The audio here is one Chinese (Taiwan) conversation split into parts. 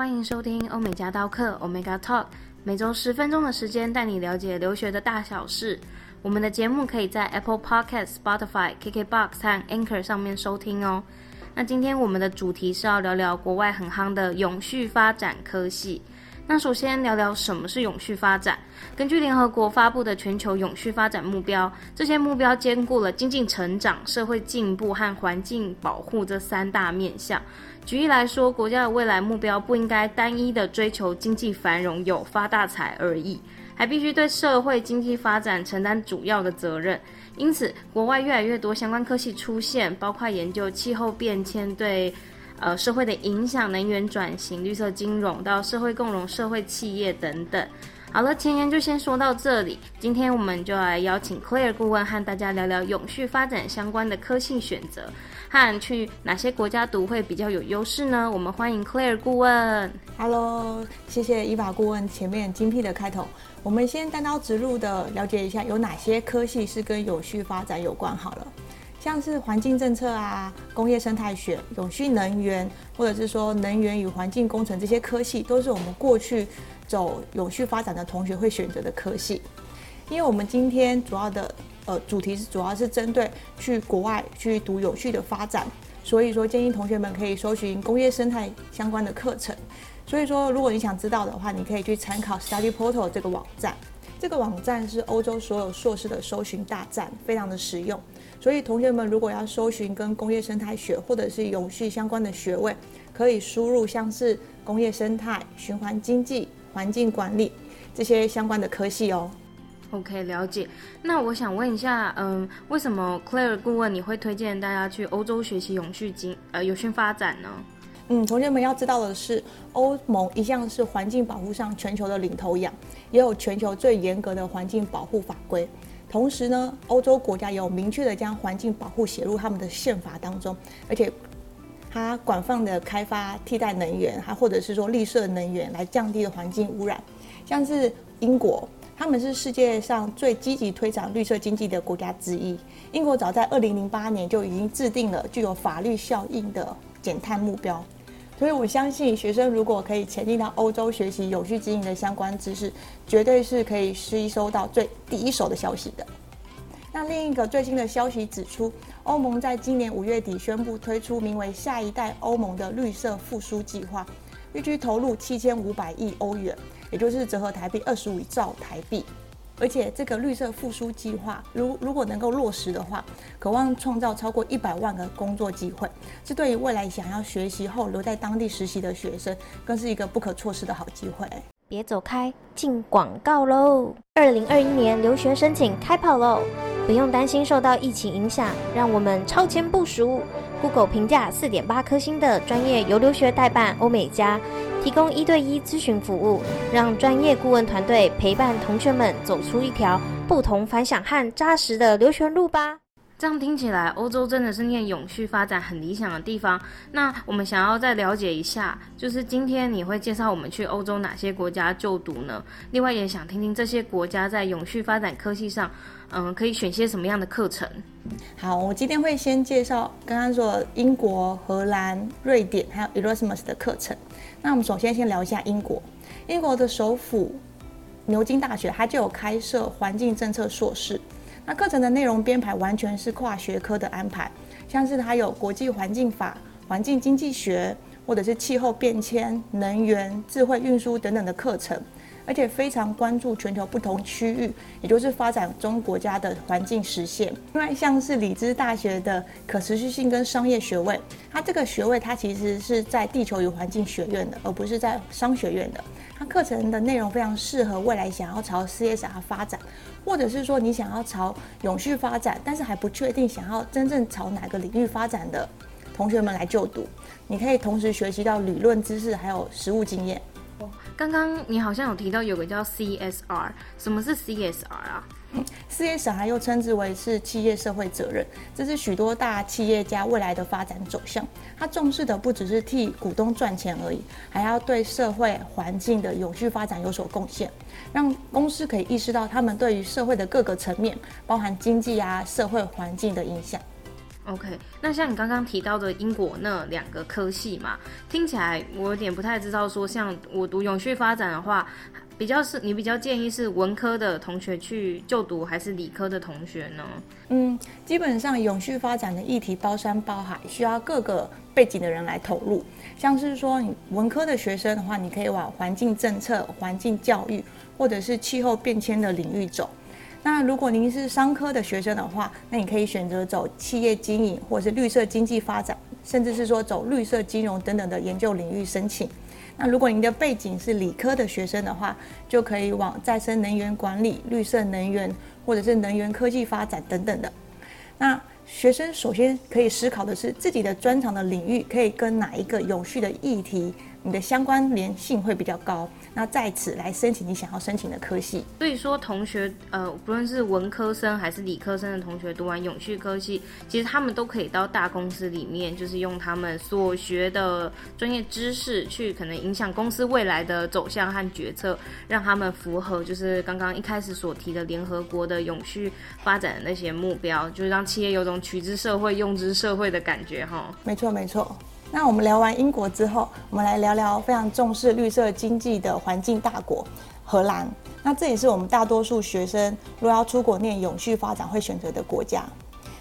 歡迎收聽歐美加刀客 Omega Talk，每週十分鐘的時間帶你了解留學的大小事。我們的節目可以在 Apple Podcast、Spotify、KKBOX 和 Anchor 上面收聽哦。那今天我們的主題是要聊聊國外很夯的永續發展科系。那首先聊聊什麼是永續發展。根據聯合國發布的全球永續發展目標，這些目標兼顧了經濟成長、社會進步和環境保護這三大面向。舉例來說，國家的未來目標不應該單一地追求經濟繁榮、有發大財而已，還必須對社會經濟發展承擔主要的責任。因此，國外越來越多相關科系出現，包括研究氣候變遷對。呃，社會的影響、能源轉型、綠色金融到社會共融、社會企業等等。好了，前言就先說到這裡。今天我們就來邀請 Claire 顧問和大家聊聊永續發展相關的科系選擇，和去哪些國家讀會比較有優勢呢？我們歡迎 Claire 顧問。Hello，謝謝 Eva 顧問前面精闢的開頭。我們先單刀直入的了解一下有哪些科系是跟永續發展有關。好了。像是環境政策啊、工業生態學、永續能源，或者是說能源與環境工程這些科系，都是我們過去走永續發展的同學會選擇的科系。因為我們今天主要的呃主題是主要是針對去國外去讀永續的發展，所以說建議同學們可以搜尋工業生態相關的課程。所以說，如果你想知道的話，你可以去參考 StudyPortal 這個網站，這個網站是歐洲所有碩士的搜尋大站，非常的實用。所以同學們，如果要搜尋跟工業生態學或者是永續相關的學位，可以輸入像是工業生態、循環經濟、環境管理這些相關的科系哦。OK，了解。那我想問一下，嗯，為什麼 Claire 顧問你會推薦大家去歐洲學習永續經呃永續發展呢？嗯，同學們要知道的是，歐盟一向是環境保護上全球的領頭羊，也有全球最嚴格的環境保護法規。同時呢，歐洲國家也有明確的將環境保護寫入他們的憲法當中，而且它廣泛的開發替代能源，還或者是說綠色能源來降低的環境汙染。像是英國，他們是世界上最積極推廣綠色經濟的國家之一。英國早在二零零八年就已經制定了具有法律效應的減碳目標。所以我相信，學生如果可以前進到歐洲學習永續經營的相關知識，絕對是可以吸收到最第一手的消息的。那另一個最新的消息指出，歐盟在今年五月底宣布推出名為“下一代歐盟”的綠色復蘇計劃，預計投入七千五百億歐元，也就是折合台幣二十五兆台幣。而且這個綠色復甦計劃如，如如果能夠落實的話，渴望創造超過一百萬個工作機會，這對於未來想要學習後留在當地實習的學生，更是一個不可錯失的好機會，欸。別走開，進廣告嘍！二零二一年留學申請開跑嘍！不用擔心受到疫情影響，讓我們超前部署。Google 評價四點八顆星的專業游留學代辦歐美加。提供一對一諮詢服務，讓專業顧問團隊陪伴同學們走出一條不同凡響和紮實的留學路吧。這樣聽起來，歐洲真的是念永續發展很理想的地方。那我們想要再了解一下，就是今天你會介紹我們去歐洲哪些國家就讀呢？另外也想聽聽這些國家在永續發展科系上，嗯，可以選些什麼樣的課程？好，我今天會先介紹剛剛說的英國、荷蘭、瑞典還有 Erasmus 的課程。那我們首先先聊一下英國，英國的首府牛津大學，它就有開設環境政策碩士。那課程的內容編排完全是跨學科的安排，像是它有國際環境法、環境經濟學，或者是氣候變遷、能源、智慧運輸等等的課程，而且非常關注全球不同區域，也就是發展中國家的環境實現。另外，像是裡茲大學的可持續性跟商業學位，它這個學位它其實是在地球與環境學院的，而不是在商學院的。它課程的內容非常適合未來想要朝 CSR 發展，或者是說你想要朝永續發展，但是還不確定想要真正朝哪個領域發展的同學們來就讀。你可以同時學習到理論知識還有實務經驗。哦，剛剛你好像有提到有個叫 CSR，什麼是 CSR 啊？CSR 又稱之為是企業社會責任，這是許多大企業家未來的發展走向。他重視的不只是替股東賺錢而已，還要對社會環境的永續發展有所貢獻，讓公司可以意識到他們對於社會的各個層面，包含經濟啊、社會環境的影響。OK，那像你剛剛提到的英國那兩個科系嘛，聽起來我有點不太知道，說像我讀永續發展的話。比較是你比較建議是文科的同學去就讀還是理科的同學呢？嗯，基本上永續發展的議題包山包海，需要各個背景的人來投入。像是說你文科的學生的話，你可以往環境政策、環境教育，或者是氣候變遷的領域走。那如果您是商科的學生的話，那你可以選擇走企業經營，或者是綠色經濟發展，甚至是說走綠色金融等等的研究領域申請。那如果您的背景是理科的學生的話，就可以往再生能源管理、綠色能源或者是能源科技發展等等的。那學生首先可以思考的是，自己的專長的領域可以跟哪一個永續的議題，你的相關聯性會比較高。那在此來申請你想要申請的科系。所以說，同學，呃，不論是文科生還是理科生的同學，讀完永續科系，其實他們都可以到大公司裡面，就是用他們所學的專業知識，去可能影響公司未來的走向和決策，讓他們符合就是剛剛一開始所提的聯合國的永續發展的那些目標，就是讓企業有種取之社會、用之社會的感覺哈。沒錯，沒錯。那我們聊完英國之後，我們來聊聊非常重視綠色經濟的環境大國荷蘭。那這也是我們大多數學生若要出國念永續發展會選擇的國家。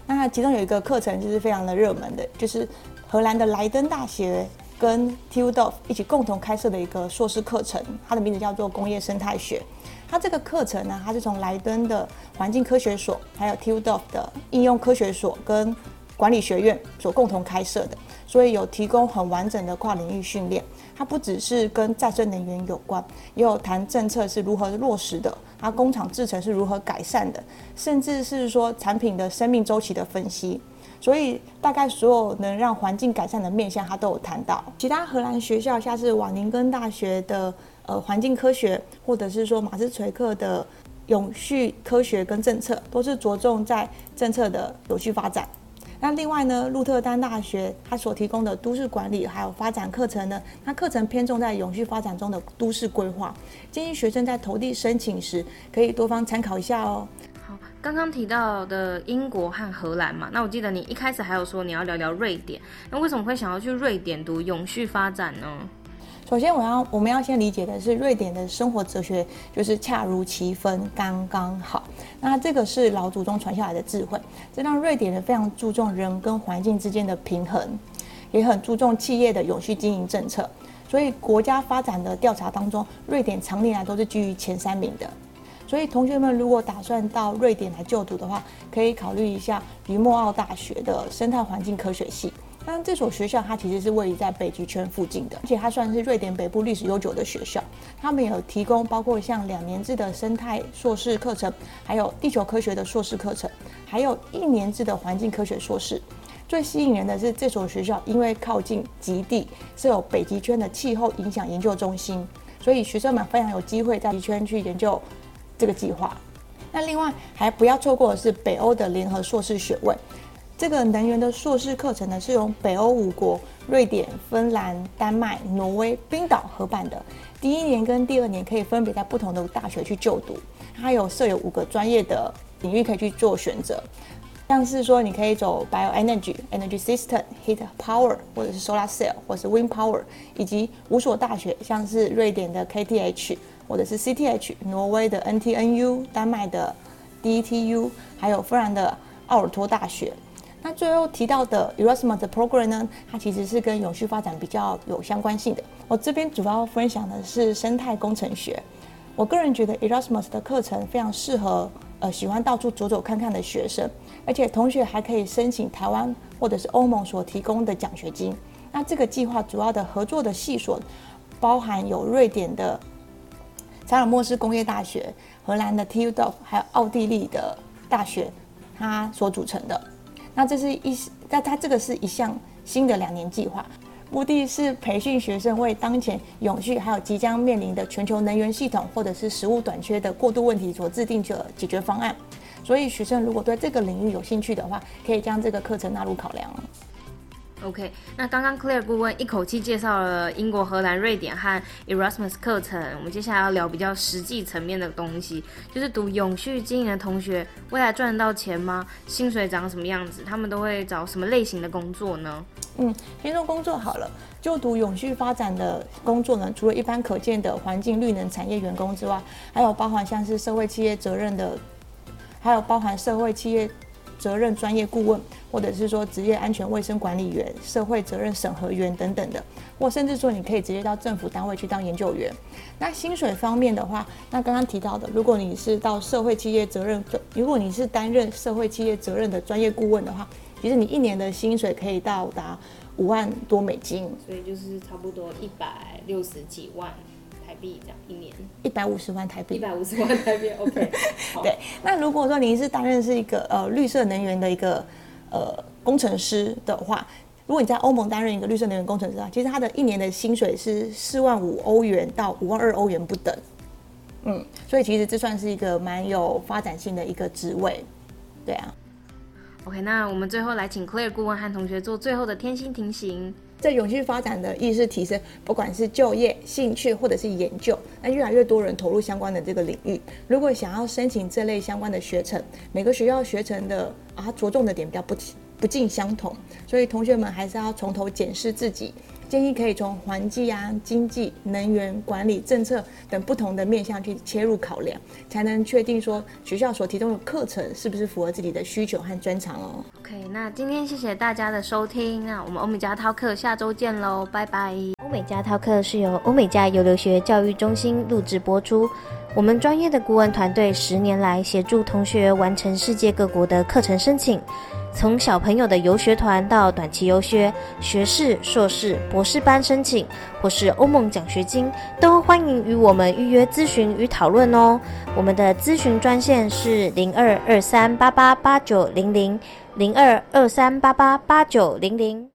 那其中有一個課程就是非常的熱門的，就是荷蘭的萊登大學跟 TU Delft 一起共同開設的一個碩士課程，它的名字叫做工業生態學。它這個課程呢，它是從萊登的環境科學所，還有 TU Delft 的應用科學所跟管理學院所共同開設的。所以有提供很完整的跨領域訓練，它不只是跟再生能源有關，也有談政策是如何落實的，它工廠製程是如何改善的，甚至是說產品的生命週期的分析。所以大概所有能讓環境改善的面向，它都有談到。其他荷蘭學校像是瓦寧根大學的呃環境科學，或者是說馬斯垂克的永續科學跟政策，都是着重在政策的有序發展。那另外呢，鹿特丹大學它所提供的都市管理還有發展課程呢，它課程偏重在永續發展中的都市規劃，建議學生在投遞申請時可以多方參考一下哦。好，剛剛提到的英國和荷蘭嘛，那我記得你一開始還有說你要聊聊瑞典，那為什麼會想要去瑞典讀永續發展呢？首先，我要我們要先理解的是，瑞典的生活哲學就是恰如其分，剛剛好。那這個是老祖宗傳下來的智慧，這讓瑞典人非常注重人跟環境之間的平衡，也很注重企業的永續經營政策。所以，國家發展的調查當中，瑞典常年來都是居於前三名的。所以，同學們如果打算到瑞典來就讀的話，可以考慮一下於默奧大學的生態環境科學系。當然，這所學校它其實是位於在北極圈附近的，而且它算是瑞典北部歷史悠久的學校。他們有提供包括像兩年制的生態碩士課程，還有地球科學的碩士課程，還有一年制的環境科學碩士。最吸引人的是這所學校因為靠近極地，設有北極圈的氣候影響研究中心，所以學生們非常有機會在極圈去研究這個計劃。那另外還不要錯過的是北歐的聯合碩士學位。這個能源的碩士課程呢，是由北歐五國——瑞典、芬蘭、丹麥、挪威、冰島合辦的。第一年跟第二年可以分別在不同的大學去就讀。它有設有五個專業的領域可以去做選擇，像是說你可以走 Bioenergy、Energy System、Heat Power，或者是 Solar Cell，或者是 Wind Power。以及五所大學，像是瑞典的 KTH，或者是 CTH，挪威的 NTNU，丹麥的 DTU，還有芬蘭的奧爾托大學。那最後提到的 Erasmus 的 program 呢，它其實是跟永續發展比較有相關性的。我這邊主要分享的是生態工程學。我個人覺得 Erasmus 的課程非常適合呃喜歡到處走走看看的學生，而且同學還可以申請台灣或者是歐盟所提供的獎學金。那這個計劃主要的合作的系所，包含有瑞典的查爾默斯工業大學、荷蘭的 TU Delft，還有奧地利的大學，它所組成的。那這是一，那它這個是一項新的兩年計劃，目的是培訓學生為當前永續還有即將面臨的全球能源系統或者是食物短缺的過渡問題所制定的解決方案。所以，學生如果對這個領域有興趣的話，可以將這個課程納入考量。OK，那剛剛 Claire 顧問一口氣介紹了英國、荷蘭、瑞典和 Erasmus 課程。我們接下來要聊比較實際層面的東西，就是讀永續經營的同學未來賺得到錢嗎？薪水長什麼樣子？他們都會找什麼類型的工作呢？嗯，先說工作好了，就讀永續發展的工作呢，除了一般可見的環境、綠能產業員工之外，還有包含像是社會企業責任的，還有包含社會企業。責任專業顧問，或者是說職業安全衛生管理員、社會責任審核員等等的，或甚至說你可以直接到政府單位去當研究員。那薪水方面的話，那剛剛提到的，如果你是到社會企業責任，如果你是擔任社會企業責任的專業顧問的話，其實你一年的薪水可以到達五萬多美金，所以就是差不多一百六十幾萬。台幣這樣一年一百五十萬台幣，一百五十萬台幣，OK。對，那如果說您是擔任是一個呃綠色能源的一個呃工程師的話，如果你在歐盟擔任一個綠色能源工程師的話啊，其實他的一年的薪水是四萬五歐元到五萬二歐元不等。嗯，所以其實這算是一個蠻有發展性的一個職位，對啊。OK，那我們最後來請 Claire 顧問和同學做最後的貼心叮嚀。在永續發展的意識提升，不管是就業、興趣或者是研究，那越來越多人投入相關的這個領域。如果想要申請這類相關的學程，每個學校學程的啊他着重的點比較不不盡相同，所以同學們還是要從頭檢視自己。建議可以從環境啊、經濟、能源、管理、政策等不同的面向去切入考量，才能確定說學校所提供的課程是不是符合自己的需求和專長哦。OK，那今天謝謝大家的收聽，那我們歐美加濤課下周見嘍，拜拜。歐美加濤課是由歐美加遊留學教育中心錄製播出，我們專業的顧問團隊十年來協助同學完成世界各國的課程申請。從小朋友的遊學團到短期遊學、學士、碩士、博士班申請，或是歐盟獎學金，都歡迎與我們預約諮詢與討論哦。我們的諮詢專線是零二二三八八八九零零，零二二三八八八九零零。